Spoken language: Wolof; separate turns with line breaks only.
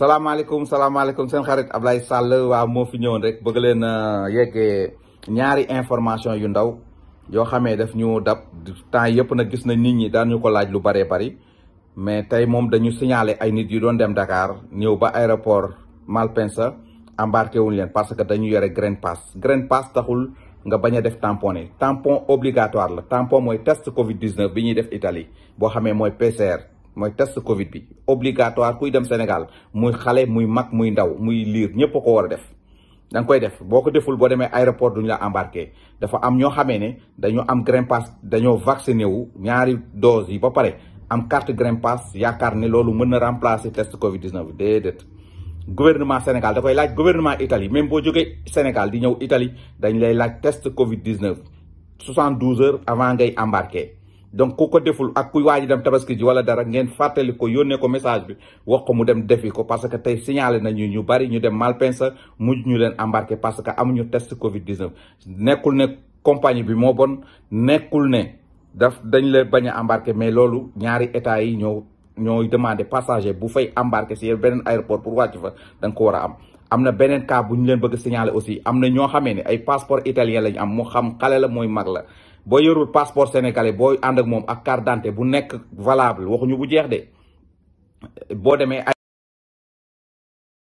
salaamaaleykum salaamaaleykum seen xarit Ablaye Sall waa moo fi ñëwoon rek bëgg leen euh, yeggee ñaari information yu ndaw yoo xamee daf ñu dab temps yëpp nag gis na nit ñi daan ñu ko laaj lu bëree bari mais tey moom dañu signalé ay nit yu doon dem dakaar ñëw ba aéroport Malpensa embarqué wuñ leen parce que dañu yore green pass green pass taxul nga bañ a def tamponné tampon obligatoire la tampon mooy test Covid bi ñuy def itali boo xamee mooy PCR. mooy test Covid bi obligatoire kuy dem Sénégal muy xale muy mag muy ndaw muy liir ñëpp ko war a def da koy def boo ko deful boo demee aéroport duñu la embarqué dafa am ñoo xamee ne dañoo am grain pass dañoo vacciné wu ñaari dose yi ba pare am carte grain pass yaakaar ni loolu mën na remplacer test Covid 19 déedéet. gouvernement Sénégal da koy laaj gouvernement Italie même boo jógee Sénégal di ñëw Italie dañ lay laaj test Covid 19 72 heures avant ngay embarqué. donc ku ko deful ak ku waaj dem tabaski ji wala dara ngeen fàttali ko yónnee ko message bi wax ko mu dem defi ko parce que tey signalé nañu ñu bari ñu dem Malpensa mujj ñu leen embarqué parce que amuñu test Covid 19 nekkul ne compagnie bi moo bon nekkul ne daf dañ la bañ a mais loolu ñaari état yi ñoo ñooy demandé passager bu fay embarqué si beneen aéroport pour wàcc fa da nga ko war a am. am na beneen cas bu ñu leen bëgg signaler aussi am na ñoo xamee ne ay passeport italien la ñu am mu xam xale la mooy mag la boo yorul passeport sénégalais boo ànd ak moom a carte d'identité bu nekk valable waxuñu bu jeex de boo demee